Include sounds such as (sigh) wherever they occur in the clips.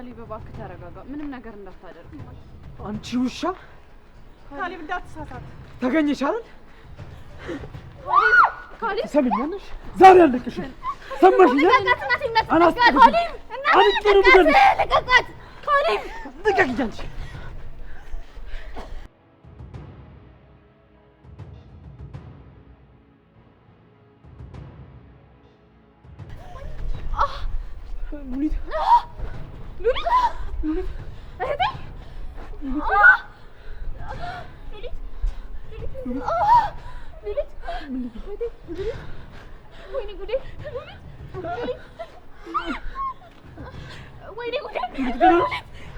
ካሌብ እባክህ ተረጋጋ። ምንም ነገር እንዳታደርግ። አንቺ ውሻ ካሌብ እንዳትሳሳት። ተገኘሽ አይደል? ካሌብ ሰምኛለሽ። ዛሬ አለቅሽኝ። ሰማሽኝ? አናስጥሩ ልቀቃት። ካሌብ ልቀቅ።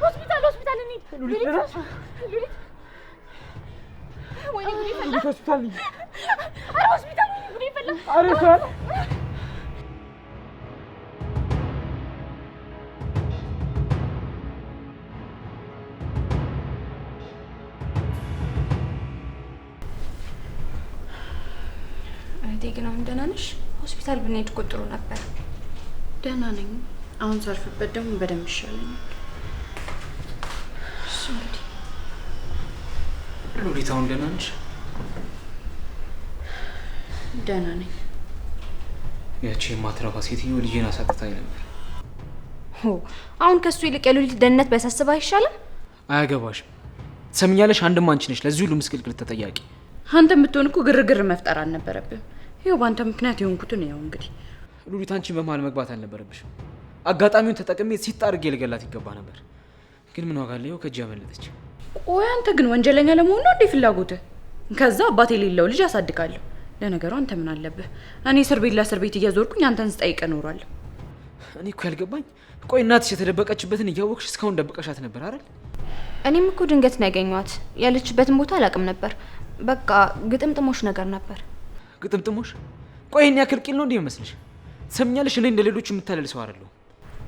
ሆስፒታል ሆስፒታል እንሂድ። ሆስፒታል ደህና ነሽ? ሆስፒታል ብንሄድ እኮ ጥሩ ነበር። ደህና ነኝ። አሁን ሳልፍበት ደግሞ በደንብ ይሻለኛል። እሱ እንግዲህ ሉሊት፣ አሁን ደህና ነሽ? ደህና ነኝ። ያቺ የማትረባ ሴትዮ ልጄን አሳጥታኝ ነበር። አሁን ከእሱ ይልቅ የሉሊት ደህንነት በሳስብ አይሻልም? አያገባሽም። ትሰምኛለሽ? አንድም አንቺ ነሽ ለዚህ ሁሉ ምስቅልቅል ተጠያቂ። አንተ የምትሆን እኮ ግርግር መፍጠር አልነበረብም። ይኸው በአንተ ምክንያት የሆንኩትን ያው እንግዲህ ሉሊት፣ አንቺ በመሀል መግባት አልነበረብሽም። አጋጣሚውን ተጠቅሜ ሲጥ አድርጌ ልገላት ይገባ ነበር። ግን ምን ዋጋ አለው፣ ከእጅ ያመለጠች። ቆይ አንተ ግን ወንጀለኛ ለመሆን ነው እንዴ ፍላጎትህ? ከዛ አባት የሌለው ልጅ አሳድጋለሁ። ለነገሩ አንተ ምን አለብህ? እኔ እስር ቤት ለእስር ቤት እየዞርኩኝ አንተን ስጠይቅ እኖራለሁ። እኔ እኮ ያልገባኝ ቆይ እናትሽ የተደበቀችበትን እያወቅሽ እስካሁን ደብቀሻት ነበር አይደል? እኔም እኮ ድንገት ነው ያገኘኋት። ያለችበትን ቦታ አላውቅም ነበር። በቃ ግጥምጥሞች ነገር ነበር። ግጥምጥሞሽ። ቆይ ይህን ያክል ቂል ነው እንዴ ይመስልሽ? ትሰምኛለሽ፣ እኔ እንደ ሌሎች የምታለል ሰው አይደለሁ።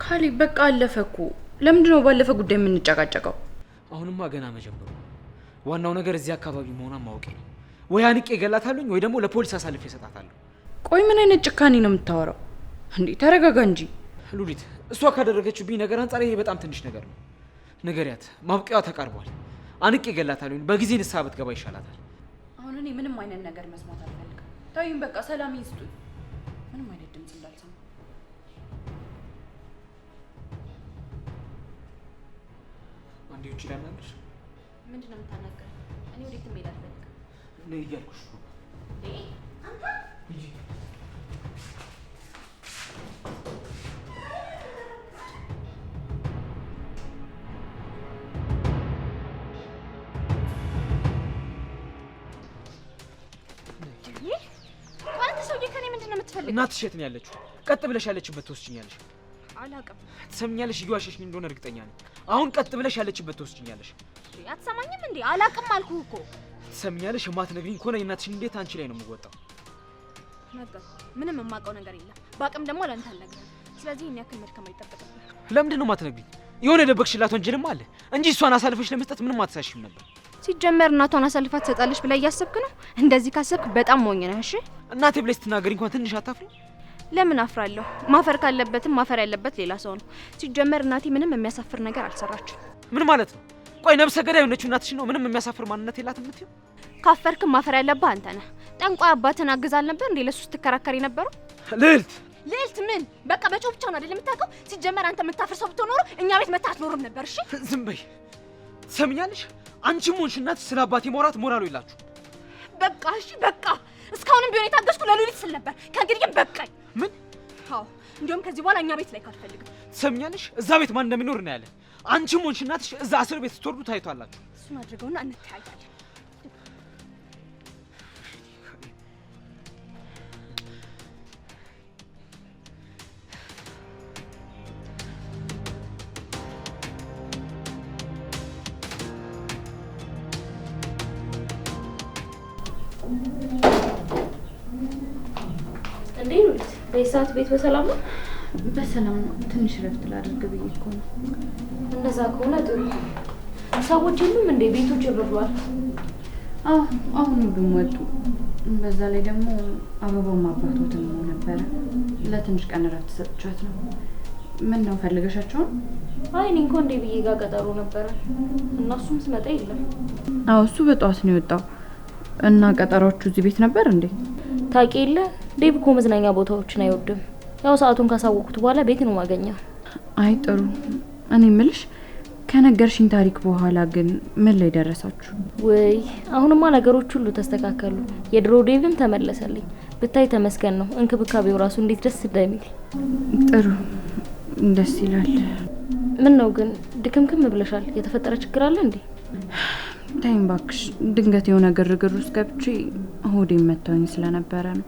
ካሊ በቃ አለፈ እኮ። ለምንድን ነው ባለፈ ጉዳይ የምንጨቃጨቀው? አሁንማ ገና መጀመሩ። ዋናው ነገር እዚህ አካባቢ መሆኗን ማወቄ ነው። ወይ አንቄ እገላታለሁኝ ወይ ደግሞ ለፖሊስ አሳልፌ እሰጣታለሁ። ቆይ ምን አይነት ጭካኔ ነው የምታወራው እንዴ? ተረጋጋ እንጂ ሉሊት። እሷ ካደረገችው ብኝ ነገር አንጻር ይሄ በጣም ትንሽ ነገር ነው። ንገሪያት፣ ማብቂያዋ ተቃርቧል። አንቄ እገላታለሁኝ። በጊዜ ንስሐ ብትገባ ይሻላታል። አሁን እኔ ምንም አይነት ነገር መስማት ታዩን በቃ ሰላም ይስጡ። ምንም አይነት ድምፅ እንዳልሰማ አንዴ ውጭ ላናግርሽ። ምንድን ነው የምታናገረኝ? እኔ ወዴትም መሄድ አልፈልግም። ነይ እያልኩሽ ነው። እናትሽ የት ነው ያለችው? ቀጥ ብለሽ ያለችበት ትወስጂኛለሽ። አላውቅም። ትሰምኛለሽ? እየዋሸሽኝ እንደሆነ እርግጠኛ ነኝ። አሁን ቀጥ ብለሽ ያለችበት ትወስጂኛለሽ። አትሰማኝም እንዴ? አላውቅም አልኩህ እኮ። ትሰምኛለሽ? የማትነግሪኝ ከሆነ የእናትሽን እንዴት አንቺ ላይ ነው የምወጣው? ነገር ምንም የማውቀው ነገር የለም። በአቅም ደግሞ ለአንተ አልነግርህም። ስለዚህ እኛ ያክል መድከም አይጠበቅብህ። ለምንድን ነው የማትነግሪኝ? የሆነ የደበቅሽላት ወንጀልም አለ እንጂ እሷን አሳልፈሽ ለመስጠት ምንም አትሳሽም ነበር። ሲጀመር እናቷን አሳልፋ ትሰጣለች ብላ እያሰብክ ነው? እንደዚህ ካሰብክ በጣም ሞኝ ነህ። እሺ እናቴ ብለሽ ስትናገሪ እንኳን ትንሽ አታፍሪ? ለምን አፍራለሁ? ማፈር ካለበትም ማፈር ያለበት ሌላ ሰው ነው። ሲጀመር እናቴ ምንም የሚያሳፍር ነገር አልሰራችም። ምን ማለት ነው? ቆይ ነብሰ ገዳይ የሆነችው እናትሽ ነው ምንም የሚያሳፍር ማንነት የላት የምትይው? ካፈርክም ማፈር ያለብህ አንተ ነህ። ጠንቋይ አባትን አግዝ ነበር እንዴ ለሱ ስትከራከሪ የነበረው? ልዕልት ልዕልት ምን በቃ በጮህ ብቻ ነው አይደል የምታውቀው? ሲጀመር አንተ የምታፍር ሰው ብትኖሩ እኛ ቤት መታ አትኖርም ነበር። እሺ ዝም በይ ሰምኛለሽ? አንቺም ሆንሽ እናትሽ ስለ አባቴ መውራት ሞራሉ የላችሁ። በቃ እሺ፣ በቃ እስካሁንም ቢሆን የታገስኩ ለሉሊት ስል ነበር። ከእንግዲህ በቃኝ። ምን? አዎ፣ እንዲሁም ከዚህ በኋላ እኛ ቤት ላይ ካልፈልግም። ሰምኛለሽ? እዛ ቤት ማን እንደሚኖር እናያለን። አንቺም ሆንሽ እናትሽ እዛ እስር ቤት ስትወርዱ ታይቷላችሁ። እሱን አድርገውና እንተያያለን። በዚህ ሰዓት ቤት በሰላም ነው? በሰላም ነው። ትንሽ ረፍት ላድርግ ብዬ እኮ ነው። እንደዛ ከሆነ ጥሩ። ሰዎች የሉም እንዴ? ቤቶች ጭር ብሏል። አሁን ሁሉም ወጡ። በዛ ላይ ደግሞ አበባው አባቶት ነው ነበረ። ለትንሽ ቀን ረፍት ሰጥቻት ነው። ምን ነው ፈልገሻቸውን? አይ እኔ እንኳ እንዴ ብዬ ጋር ቀጠሮ ነበረ እና እሱም ስመጣ የለም። አዎ እሱ በጠዋት ነው የወጣው እና ቀጠሯችሁ እዚህ ቤት ነበር እንዴ? ታቂ የለ ዴቭ እኮ መዝናኛ ቦታዎችን አይወድም። ያው ሰዓቱን ካሳወቁት በኋላ ቤት ነው ማገኘው። አይ ጥሩ። እኔ ምልሽ ከነገርሽኝ ታሪክ በኋላ ግን ምን ላይ ደረሳችሁ? ወይ አሁንማ ነገሮች ሁሉ ተስተካከሉ። የድሮ ዴቭም ተመለሰልኝ። ብታይ ተመስገን ነው። እንክብካቤው ራሱ እንዴት ደስ እንደሚል። ጥሩ ደስ ይላል። ምን ነው ግን ድክምክም ብለሻል። የተፈጠረ ችግር አለ እንዴ? ታይም ባክሽ፣ ድንገት የሆነ ግርግር ውስጥ ገብቼ ሆዴ መታወኝ ስለነበረ ነው።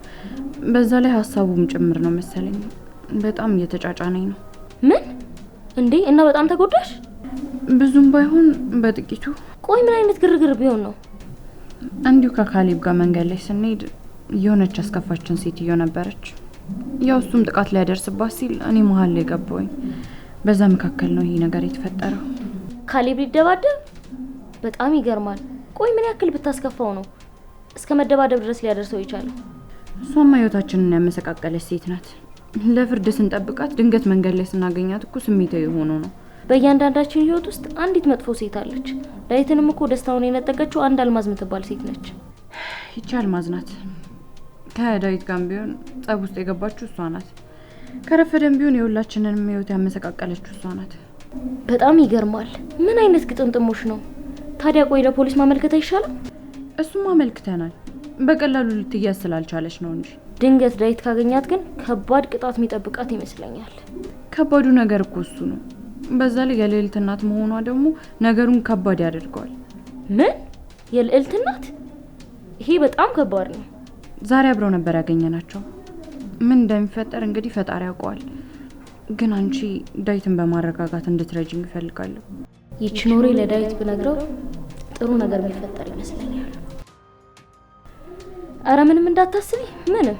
በዛ ላይ ሀሳቡም ጭምር ነው መሰለኝ። በጣም እየተጫጫነኝ ነው። ምን እንዴ? እና በጣም ተጎዳሽ? ብዙም ባይሆን በጥቂቱ። ቆይ ምን አይነት ግርግር ቢሆን ነው? እንዲሁ ከካሊብ ጋር መንገድ ላይ ስንሄድ የሆነች አስከፋችን ሴትዮ ነበረች። ያው እሱም ጥቃት ሊያደርስባት ሲል እኔ መሀል ላይ ገባሁኝ። በዛ መካከል ነው ይሄ ነገር የተፈጠረው። ካሊብ ሊደባደብ በጣም ይገርማል። ቆይ ምን ያክል ብታስከፋው ነው እስከ መደባደብ ድረስ ሊያደርሰው ይቻል? እሷማ ህይወታችንን ያመሰቃቀለች ሴት ናት። ለፍርድ ስንጠብቃት ድንገት መንገድ ላይ ስናገኛት እኮ ስሜታዊ ሆኖ ነው። በእያንዳንዳችን ህይወት ውስጥ አንዲት መጥፎ ሴት አለች። ዳዊትንም እኮ ደስታውን የነጠቀችው አንድ አልማዝ ምትባል ሴት ነች። ይቺ አልማዝ ናት። ከዳዊት ጋር ቢሆን ጸብ ውስጥ የገባችው እሷ ናት። ከረፈደም ቢሆን የሁላችንንም ህይወት ያመሰቃቀለችው እሷ ናት። በጣም ይገርማል። ምን አይነት ግጥምጥሞች ነው? ታዲያ ቆይ ለፖሊስ ማመልከት አይሻልም? እሱም አመልክተናል። በቀላሉ ልትያዝ ስላልቻለች ነው እንጂ ድንገት ዳዊት ካገኛት ግን ከባድ ቅጣት የሚጠብቃት ይመስለኛል። ከባዱ ነገር እኮ እሱ ነው። በዛ ላይ የልዕልት እናት መሆኗ ደግሞ ነገሩን ከባድ ያደርገዋል። ምን የልዕልት እናት? ይሄ በጣም ከባድ ነው። ዛሬ አብረው ነበር ያገኘናቸው። ምን እንደሚፈጠር እንግዲህ ፈጣሪ ያውቀዋል። ግን አንቺ ዳዊትን በማረጋጋት እንድትረጅኝ እፈልጋለሁ። ይችኖሬ ለዳዊት ብነግረው ጥሩ ነገር ቢፈጠር ይመስለኛል። አረ ምንም እንዳታስቢ ምንም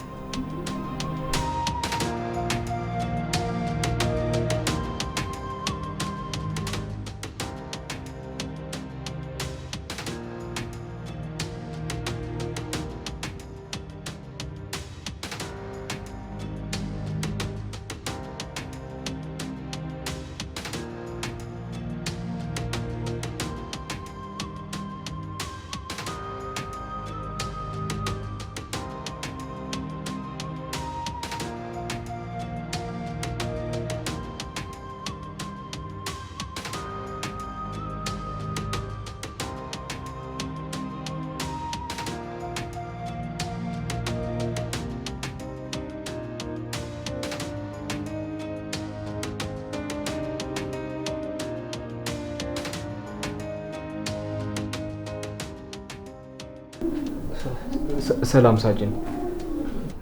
ሰላም ሳጅን።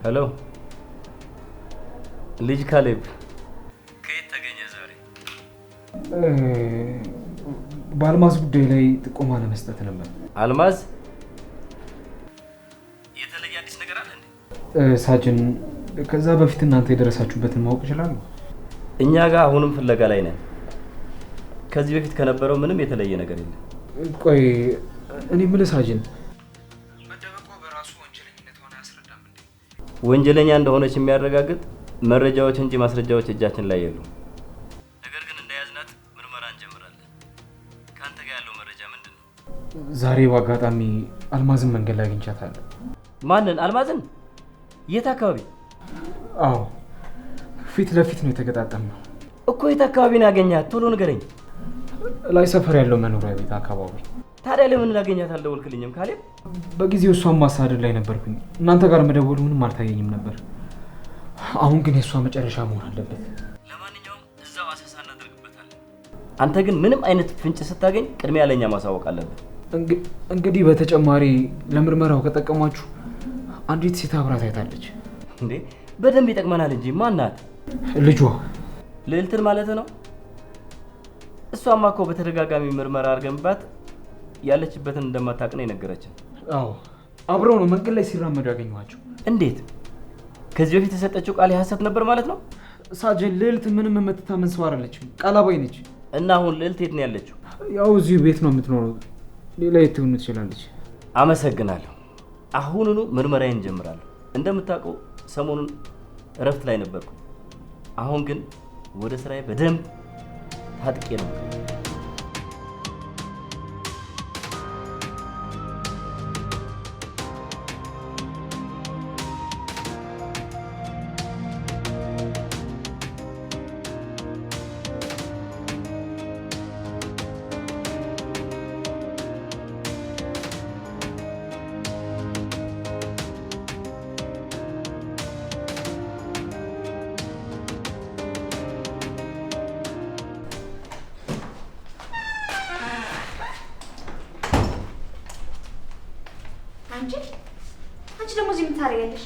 ሄሎ ልጅ ካሌብ ከየት ተገኘ ዛሬ? በአልማዝ ጉዳይ ላይ ጥቆማ ለመስጠት ነበር። አልማዝ የተለየ አዲስ ነገር አለ እንዴ? ሳጅን፣ ከዛ በፊት እናንተ የደረሳችሁበትን ማወቅ ይችላሉ? እኛ ጋር አሁንም ፍለጋ ላይ ነን። ከዚህ በፊት ከነበረው ምንም የተለየ ነገር የለም። ቆይ እኔ የምልህ ሳጅን ወንጀለኛ እንደሆነች የሚያረጋግጥ መረጃዎች እንጂ ማስረጃዎች እጃችን ላይ የሉም። ነገር ግን እንደያዝናት ምርመራ እንጀምራለን። ከአንተ ጋር ያለው መረጃ ምንድን ነው? ዛሬ በአጋጣሚ አልማዝን መንገድ ላይ አግኝቻታለሁ። ማንን? አልማዝን? የት አካባቢ? አዎ ፊት ለፊት ነው የተገጣጠምነው እኮ። የት አካባቢ ነው ያገኘሃት? ቶሎ ንገረኝ። ላይ ሰፈር ያለው መኖሪያ ቤት አካባቢ ታዲያ ለምን ላገኛት አልደወልክልኝም? ካሌብ በጊዜው እሷን ማሳደድ ላይ ነበርኩኝ። እናንተ ጋር መደወሉ ምንም አልታየኝም ነበር። አሁን ግን የእሷ መጨረሻ መሆን አለበት። ለማንኛውም እዛው አሰሳ እናደርግበታለን። አንተ ግን ምንም አይነት ፍንጭ ስታገኝ ቅድሚያ ለእኛ ማሳወቅ አለብን። እንግዲህ በተጨማሪ ለምርመራው ከጠቀሟችሁ አንዲት ሴት አብራ ታይታለች። እንዴ በደንብ ይጠቅመናል እንጂ ማናት? ልጇ ልዕልትን ማለት ነው። እሷማ እኮ በተደጋጋሚ ምርመራ አድርገንባት ያለችበትን እንደማታውቅ ነው የነገረችን። አዎ አብረው ነው መንገድ ላይ ሲራመዱ ያገኘኋቸው። እንዴት? ከዚህ በፊት የሰጠችው ቃል የሀሰት ነበር ማለት ነው? ሳጀን ልዕልት ምንም የምትታመን ሰው አይደለችም፣ ቃላባይ ነች። እና አሁን ልዕልት የት ነው ያለችው? ያው እዚሁ ቤት ነው የምትኖረው። ሌላ የት ትሆን ትችላለች። አመሰግናለሁ። አሁኑኑ ምርመራዬን እንጀምራለሁ። እንደምታውቀው ሰሞኑን እረፍት ላይ ነበርኩ። አሁን ግን ወደ ስራዬ በደንብ ታጥቄ ነው ደግሞ እዚህ የምታደርጊያለሽ?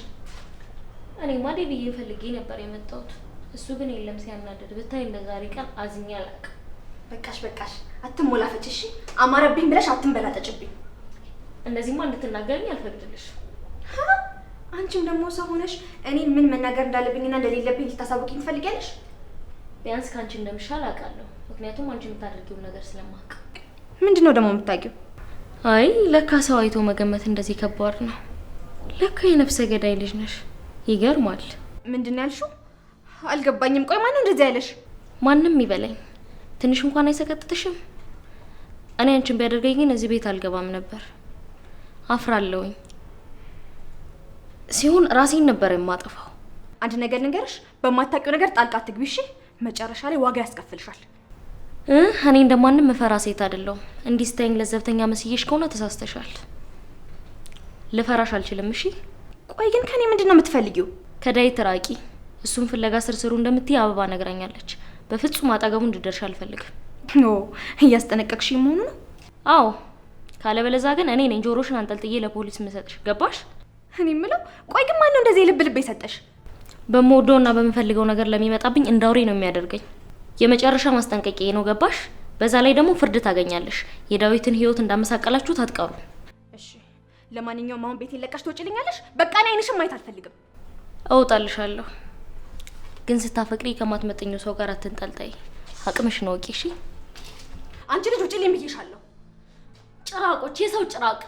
እኔ ማ ብዬ ፈልጌ ነበር የመጣሁት። እሱ ግን የለም ሲያናደድ ብታይ። እንደ ዛሬ ቀን አዝኜ አላውቅም። በቃሽ በቃሽ፣ አትሞላፈች እሺ። አማረብኝ ብለሽ አትንበላጠጭብኝ። እንደዚህማ እንድትናገርኝ አልፈቅድልሽም። አንቺም ደግሞ ሰው ሆነሽ እኔ ምን መናገር እንዳለብኝና እንደሌለብኝ ልታሳውቂኝ ትፈልጊያለሽ? ቢያንስ ከአንቺ እንደምሻል አውቃለሁ። ምክንያቱም አንቺ የምታደርጊውን ነገር ስለማውቅ። ምንድን ነው ደግሞ የምታውቂው? አይ ለካ ሰው አይቶ መገመት እንደዚህ ከባድ ነው። ለካ የነፍሰ ገዳይ ልጅ ነሽ። ይገርማል። ምንድን ነው ያልሽው? አልገባኝም። ቆይ ማነው እንደዚህ ያለሽ? ማንም ይበለኝ፣ ትንሽ እንኳን አይሰቀጥትሽም? እኔ አንቺን ቢያደርገኝ ግን እዚህ ቤት አልገባም ነበር። አፍራለሁኝ ሲሆን ራሴን ነበር የማጠፋው። አንድ ነገር ልንገርሽ፣ በማታውቂው ነገር ጣልቃ ትግቢ እሺ? መጨረሻ ላይ ዋጋ ያስከፍልሻል። እኔ እንደማንም መፈራ ሴት አይደለሁም። እንዲህ ስታይኝ ለዘብተኛ መስዬሽ ከሆነ ተሳስተሻል። ልፈራሽ አልችልም። እሺ ቆይ ግን ከኔ ምንድን ነው የምትፈልጊው? ከዳዊት ራቂ። እሱን ፍለጋ ስር ስሩ እንደምትይ አበባ ነግራኛለች። በፍጹም አጠገቡ እንድደርሽ አልፈልግም። ኦ እያስጠነቀቅሽ መሆኑ ነው? አዎ፣ ካለበለዛ ግን እኔ ነኝ ጆሮሽን አንጠልጥዬ ለፖሊስ ምሰጥሽ። ገባሽ? እኔ የምለው ቆይ ግን ማን እንደዚህ ልብ ልብ የሰጠሽ? በምወደውና በምፈልገው ነገር ለሚመጣብኝ እንዳውሬ ነው የሚያደርገኝ። የመጨረሻ ማስጠንቀቂያ ነው። ገባሽ? በዛ ላይ ደግሞ ፍርድ ታገኛለሽ። የዳዊትን ህይወት እንዳመሳቀላችሁ ታትቀሩ ለማንኛውም አሁን ቤቴን ለቀሽ ትወጪልኛለሽ። በቃ እኔ አይንሽም ማየት አልፈልግም። እወጣልሻለሁ፣ ግን ስታፈቅሪ ከማትመጠኘው ሰው ጋር አትንጠልጠይ። ነው እወቂ እሺ። አንቺ ልጅ ውጪልኝ ብዬሻለሁ። ጭራቆች፣ የሰው ጭራቅ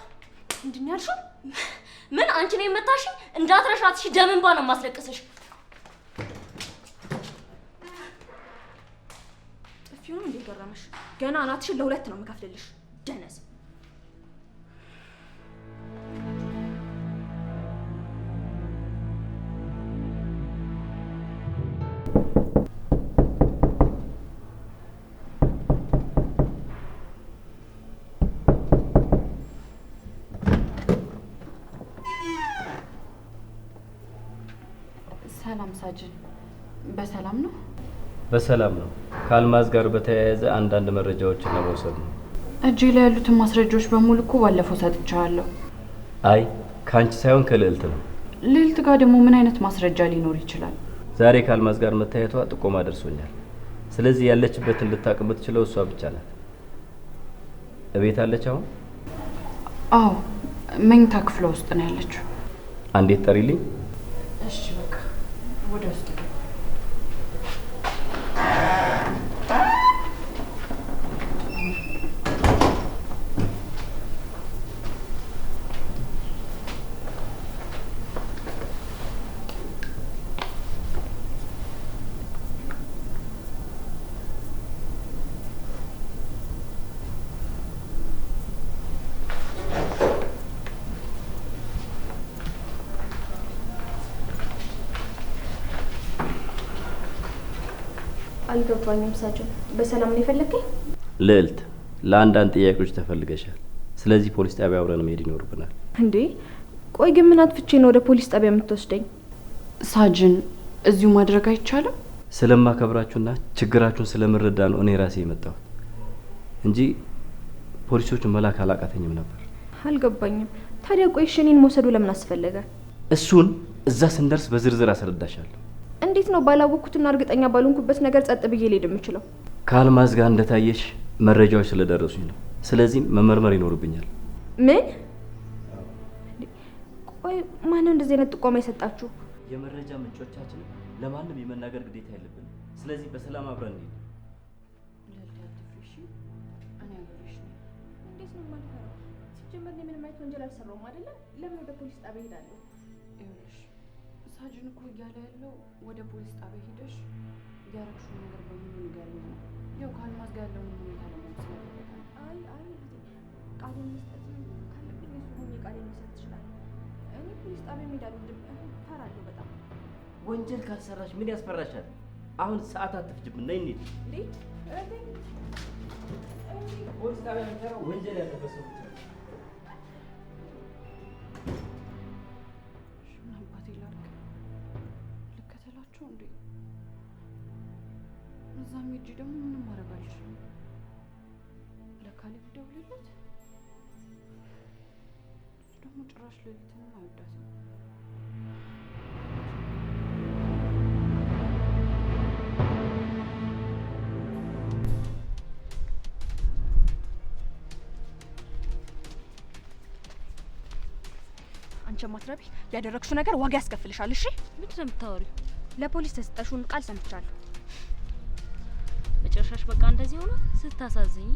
ምንድን ነው ያልሽው? ምን አንቺ ነው የመታሽ? እንዳትረሻት እሺ። ደም እንባ ነው የማስለቅስሽ። ጥፊውን እንደ ገረመሽ ገና አናትሽን ለሁለት ነው የምከፍልልሽ ደነዝ ሳጅን በሰላም ነው? በሰላም ነው። ከአልማዝ ጋር በተያያዘ አንዳንድ መረጃዎችን ለመውሰድ ነው። እጄ ላይ ያሉትን ማስረጃዎች በሙሉ እኮ ባለፈው ሰጥቻለሁ። አይ ከአንቺ ሳይሆን ከልዕልት ነው። ልዕልት ጋር ደግሞ ምን አይነት ማስረጃ ሊኖር ይችላል? ዛሬ ከአልማዝ ጋር መታየቷ ጥቆማ ደርሶኛል። ስለዚህ ያለችበትን ልታቅ የምትችለው እሷ ብቻ ናት። እቤት አለች አሁን? አዎ መኝታ ክፍለ ውስጥ ነው ያለችው። አንዴት ጠሪልኝ። እሺ what is that? አልገባኝም ሳቸው። በሰላም ነው የፈለግከኝ? ልዕልት፣ ለአንዳንድ ጥያቄዎች ተፈልገሻል። ስለዚህ ፖሊስ ጣቢያ አብረን መሄድ ይኖርብናል። እንዴ ቆይ ግን ምን አጥፍቼ ነው ወደ ፖሊስ ጣቢያ የምትወስደኝ? ሳጅን፣ እዚሁ ማድረግ አይቻልም? ስለማከብራችሁና ችግራችሁን ስለምረዳ ነው እኔ ራሴ የመጣሁት እንጂ ፖሊሶቹን መላክ አላቃተኝም ነበር። አልገባኝም። ታዲያ ቆይ እኔን መውሰዱ ለምን አስፈለገ? እሱን እዛ ስንደርስ በዝርዝር አስረዳሻለሁ። እንዴት ነው ባላወቅኩትና እርግጠኛ ባልሆንኩበት ነገር ጸጥ ብዬ ልሄድ የምችለው? ከአልማዝ ጋር እንደታየሽ መረጃዎች ስለደረሱኝ ነው። ስለዚህም መመርመር ይኖርብኛል። ምን? ቆይ ማነው እንደዚህ አይነት ጥቆማ የሰጣችሁ? የመረጃ ምንጮቻችን ለማንም የመናገር ግዴታ የለብን። ስለዚህ በሰላም አብረን እንሂድ። ምንም አይነት ወንጀል አልሰራሁም አይደለም። ለምን ወደ ፖሊስ ጣቢያ እሄዳለሁ? ሳጅን እኮ እያለ ያለው ወደ ፖሊስ ጣቢያ ሂደሽ ያረግሽው ነገር በሙሉ ነገር ነው። ያው ከአልማዝ ጋር ያለውን ሁኔታ ነው። አይ አይ ቃል መስጠት ካለብኝ እሱ ቃል መስጠት ይችላል። እኔ ፖሊስ ጣቢያ ፈራለሁ በጣም። ወንጀል ካልሰራሽ ምን ያስፈራሻል? አሁን ሰዓት አትፍጅብን፣ ነይ እንሂድ። ፖሊስ ጣቢያ ወንጀል ያለበት ደግሞ ምንም ማድረግ አልችልም። ለካሌብ ደውልለት። እሱ ደግሞ ጭራሽ ሌሊትንም አይወዳትም። አንቺ ማትረቢ፣ ያደረግሽው ነገር ዋጋ ያስከፍልሻል። እሺ ምንድን ነው የምታወሪው? ለፖሊስ ተሰጠሽውን ቃል ሰምቻለሁ። መጨረሻሽ በቃ እንደዚህ ሆነ። ስታሳዝኝ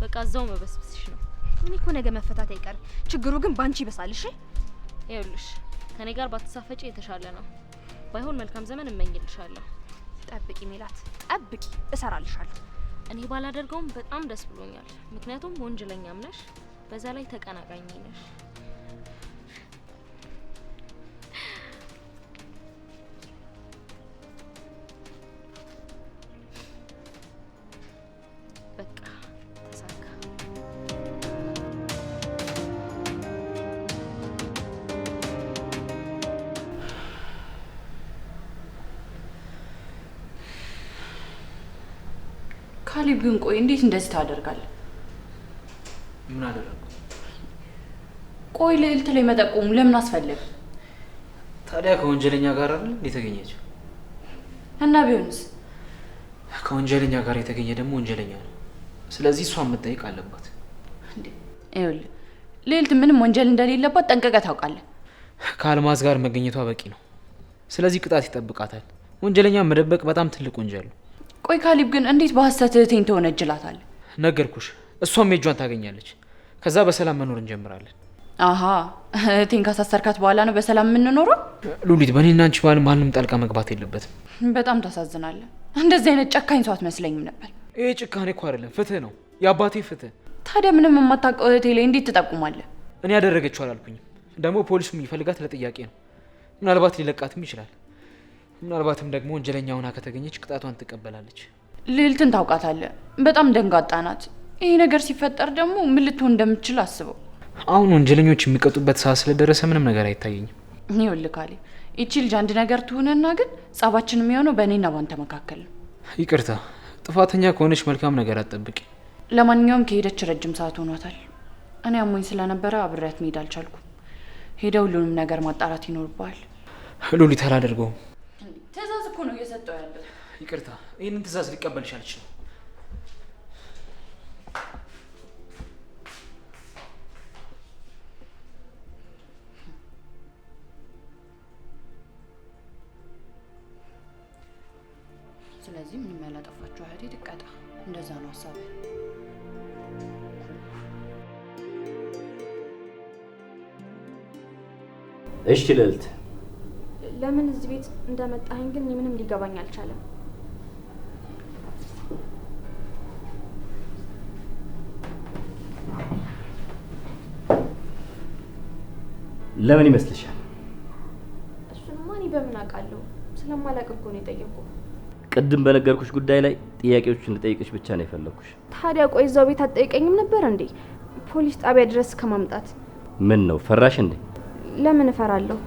በቃ እዛው መበስበስሽ ነው። እኔ እኮ ነገ መፈታት አይቀርም። ችግሩ ግን ባንቺ ይበሳል። እሺ ይኸውልሽ፣ ከኔ ጋር ባትሳፈጪ የተሻለ ነው። ባይሆን መልካም ዘመን እመኝልሻለሁ። ጠብቂ ሜላት፣ ጠብቂ፣ እሰራልሻለሁ። እኔ ባላደርገውም በጣም ደስ ብሎኛል። ምክንያቱም ወንጀለኛም ነሽ፣ በዛ ላይ ተቀናቃኝ ነሽ። ካሌብ ግን ቆይ እንዴት እንደዚህ ታደርጋለህ? ምን አደረግኩ? ቆይ ልዕልት ላይ መጠቆሙ ለምን አስፈለገ? ታዲያ ከወንጀለኛ ጋር አይደል እንዴ የተገኘችው? እና ቢሆንስ? ከወንጀለኛ ጋር የተገኘ ደግሞ ወንጀለኛ ነው። ስለዚህ እሷን መጠየቅ አለባት። ይኸውልህ ልዕልት ምንም ወንጀል እንደሌለባት ጠንቀቀ ታውቃለህ። ከአልማዝ ጋር መገኘቷ በቂ ነው። ስለዚህ ቅጣት ይጠብቃታል። ወንጀለኛ መደበቅ በጣም ትልቅ ወንጀል ነው። ቆይ ካሊብ ግን እንዴት በሐሰት እህቴን ትወነጅላታለህ? ነገርኩሽ፣ እሷም የእጇን ታገኛለች። ከዛ በሰላም መኖር እንጀምራለን። አሀ እህቴን ካሳሰርካት በኋላ ነው በሰላም የምንኖረው? ሉሊት፣ በእኔና አንቺ ባል ማንም ጣልቃ መግባት የለበትም። በጣም ታሳዝናለ። እንደዚህ አይነት ጨካኝ ሰው አትመስለኝም ነበር። ይህ ጭካኔ እኮ አይደለም፣ ፍትህ ነው፣ የአባቴ ፍትህ። ታዲያ ምንም የማታውቀው እህቴ ላይ እንዴት ትጠቁማለህ? እኔ ያደረገችው አላልኩኝም። ደግሞ ፖሊስ የሚፈልጋት ለጥያቄ ነው። ምናልባት ሊለቃትም ይችላል። ምናልባትም ደግሞ ወንጀለኛ ሆና ከተገኘች ቅጣቷን ትቀበላለች። ልዕልትን ታውቃታለህ፣ በጣም ደንጋጣ ናት። ይሄ ነገር ሲፈጠር ደግሞ ምን ልትሆን እንደምትችል አስበው። አሁን ወንጀለኞች የሚቀጡበት ሰዓት ስለደረሰ ምንም ነገር አይታየኝም። ይኸውልህ ካሌ፣ ይቺ ልጅ አንድ ነገር ትሆንና ግን ጸባችን የሚሆነው በእኔና ባንተ መካከል ነው። ይቅርታ፣ ጥፋተኛ ከሆነች መልካም ነገር አጠብቂ ለማንኛውም ከሄደች ረጅም ሰዓት ሆኗታል። እኔ አሞኝ ስለነበረ አብሬያት መሄድ አልቻልኩም። ሄደ ሁሉንም ነገር ማጣራት ይኖርበዋል። ሉሊት አላደርገውም። እኮ ነው እየሰጠው ያለው። ይቅርታ ይህንን ትዕዛዝ ሊቀበልሽ አልችልም። ስለዚህ ምንም ያላጠፋችሁ እህቴ ትቀጣ። እንደዛ ነው ሀሳብ። እሺ ልዕልት ለምን እዚህ ቤት እንደመጣኸኝ ግን ምንም ሊገባኝ አልቻለም። ለምን ይመስልሻል? እሱንማ እኔ በምን አውቃለሁ? ስለማላውቅ እኮ ነው የጠየቁ። ቅድም በነገርኩሽ ጉዳይ ላይ ጥያቄዎችን ልጠይቅሽ ብቻ ነው የፈለግኩሽ። ታዲያ ቆይ እዛው ቤት አትጠይቀኝም ነበር እንዴ? ፖሊስ ጣቢያ ድረስ ከማምጣት ምን ነው ፈራሽ እንዴ? ለምን እፈራለሁ?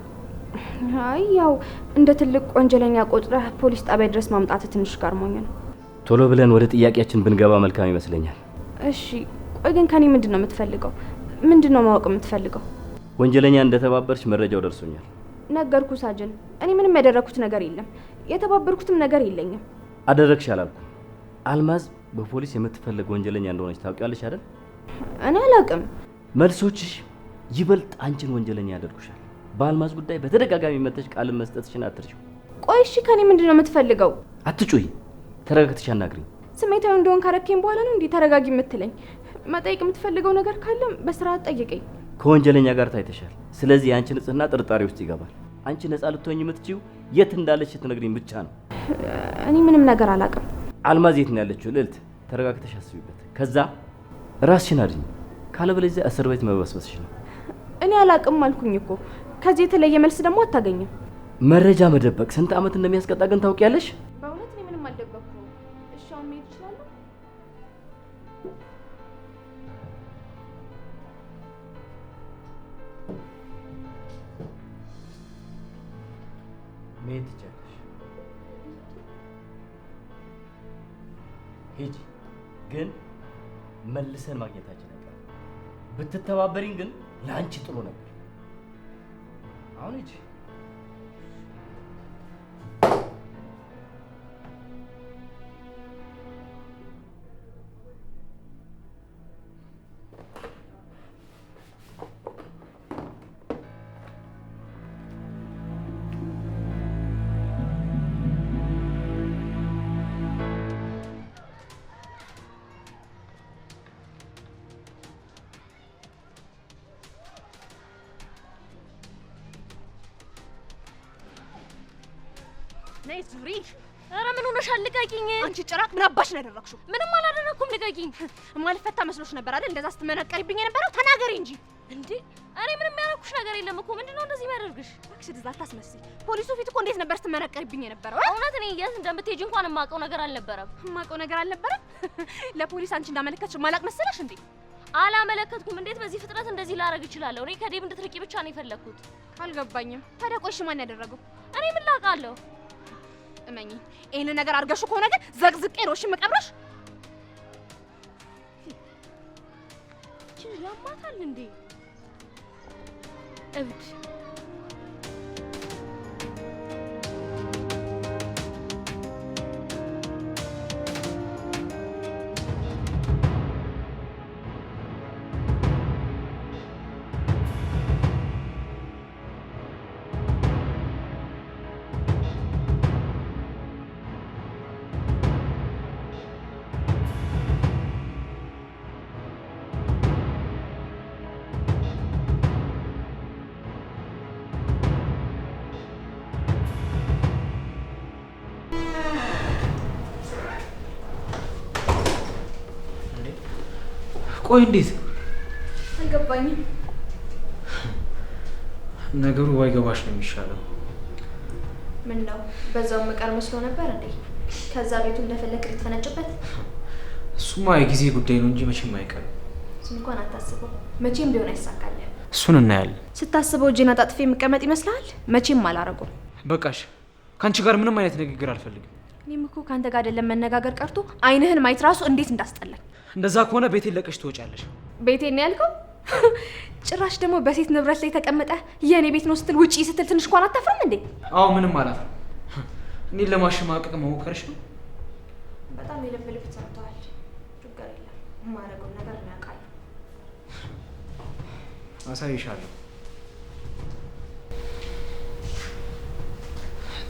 አይ ያው እንደ ትልቅ ወንጀለኛ ቆጥረህ ፖሊስ ጣቢያ ድረስ ማምጣት ትንሽ ገርሞኝ ነው። ቶሎ ብለን ወደ ጥያቄያችን ብንገባ መልካም ይመስለኛል። እሺ፣ ቆይ ግን ከኔ ምንድን ነው የምትፈልገው? ምንድን ነው ማወቅ የምትፈልገው? ወንጀለኛ እንደተባበርሽ መረጃው ደርሶኛል። ነገርኩ ሳጅን፣ እኔ ምንም ያደረግኩት ነገር የለም፣ የተባበርኩትም ነገር የለኝም። አደረግሽ አላልኩ። አልማዝ በፖሊስ የምትፈለግ ወንጀለኛ እንደሆነች ታውቂያለሽ አይደል? እኔ አላውቅም። መልሶችሽ ይበልጥ አንቺን ወንጀለኛ ያደርጉሻል። በአልማዝ ጉዳይ በተደጋጋሚ መተሽ ቃልን መስጠትሽን አትርሺው። ቆይ እሺ፣ ከኔ ምንድን ነው የምትፈልገው? አትጩይ፣ ተረጋግተሽ አናግሪኝ። ስሜታዊ እንደሆን ካረኬን በኋላ ነው እንዲህ ተረጋጊ የምትለኝ? መጠየቅ የምትፈልገው ነገር ካለም በስርዓት ጠይቀኝ። ከወንጀለኛ ጋር ታይተሻል። ስለዚህ የአንቺ ንጽህና ጥርጣሬ ውስጥ ይገባል። አንቺ ነጻ ልትሆኝ የምትችው የት እንዳለች ስትነግሪኝ ብቻ ነው። እኔ ምንም ነገር አላውቅም። አልማዝ የት ነው ያለችው? ልዕልት ተረጋግተሽ አስቢበት፣ ከዛ ራስሽን አድኝ። ካለበለዚያ እስር ቤት መበስበስሽ ነው። እኔ አላውቅም አልኩኝ እኮ ከዚህ የተለየ መልስ ደግሞ አታገኝም። መረጃ መደበቅ ስንት ዓመት እንደሚያስቀጣ ግን ታውቂያለሽ? በእውነት እኔ ምንም አልደበኩም። እሻው አሁን መሄድ እችላለሁ? መሄድ ትችያለሽ። ሂጂ። ግን መልሰን ማግኘታችን ብትተባበሪኝ ግን ለአንቺ ጥሩ ነበር። 奥利给！ልቀቂኝ! ኧረ ምን ሆነሻል? ልቀቂኝ! አንቺ ጭራቅ ምን አባሽ ነው ያደረግሽው? ምንም አላደረኩም። ልቀቂኝ! የማልፈታ መስሎሽ ነበር አይደል? እንደዛ ስትመነቀሪብኝ የነበረው ተናገሪ እንጂ እንዴ! እኔ ምንም ያደረኩሽ ነገር የለም እኮ። ምንድነው እንደዚህ የሚያደርግሽ? እባክሽ ትዝ አታስመስይ። ፖሊሱ ፊት እኮ እንዴት ነበር ስትመነቀሪብኝ የነበረው? እውነት እኔ የት እንደምትሄጂ እንኳን የማውቀው ነገር አልነበረም። የማውቀው ነገር አልነበረም? (laughs) ለፖሊስ አንቺ እንዳመለከትሽ ማላቅ መሰለሽ እንዴ? አላመለከትኩም። እንዴት በዚህ ፍጥነት እንደዚህ ላረግ እችላለሁ? እኔ ከዴብ እንድትርቂ ብቻ ነው የፈለግኩት። አልገባኝም። ታዲያ ቆይሽ ማን ያደረገው? እኔ ምን ላውቃለሁ? እመኝ። ይህን ነገር አድርገሽው ከሆነ ግን ዘግዝቄ ነው እሺ የምቀብረሽ። ያማታል እንዴ እብድ ቆይ እንዴት አልገባኝም። ነገሩ ባይገባሽ ነው የሚሻለው። ምን ነው በዛው መቀር መስሎ ነበር እንዴ? ከዛ ቤቱ እንደፈለክ ልትፈነጭበት። እሱማ የጊዜ ጉዳይ ነው እንጂ መቼም አይቀርም። እሱ እንኳን አታስበው፣ መቼም ቢሆን አይሳካለ። እሱን እናያለን። ስታስበው እጄን አጣጥፌ የምቀመጥ ይመስላል? መቼም አላረጉም። በቃሽ፣ ከአንቺ ጋር ምንም አይነት ንግግር አልፈልግም። እኔም እኮ ከአንተ ጋር አይደለም መነጋገር ቀርቶ አይንህን ማየት ራሱ እንዴት እንዳስጠላኝ እንደዛ ከሆነ ቤቴን ለቀሽ ትወጫለሽ። ቤቴን ነው ያልከው? (laughs) ጭራሽ ደግሞ በሴት ንብረት ላይ ተቀመጠ የእኔ ቤት ነው ስትል ውጪ ስትል ትንሽ እንኳን አታፍርም እንዴ? አዎ ምንም አላፍርም። እኔን ለማሸማቀቅ መሞከርሽ ነው። በጣም የለፈልኩት ሰምተዋል። ችግር የለም የማደርገውን ነገር እናውቃለን። አሳይሻለሁ።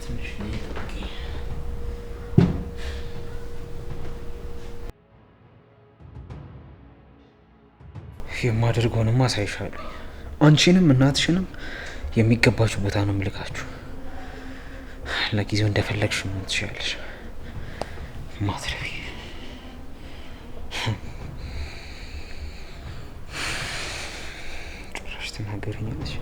ትንሽ የማደርገውንም አሳይሻለሁ። አንቺንም እናትሽንም የሚገባችሁ ቦታ ነው ምልካችሁ። ለጊዜው እንደፈለግሽ መሆን ትችላለሽ። ማትረፊ ጭራሽ ትናገረኛለች።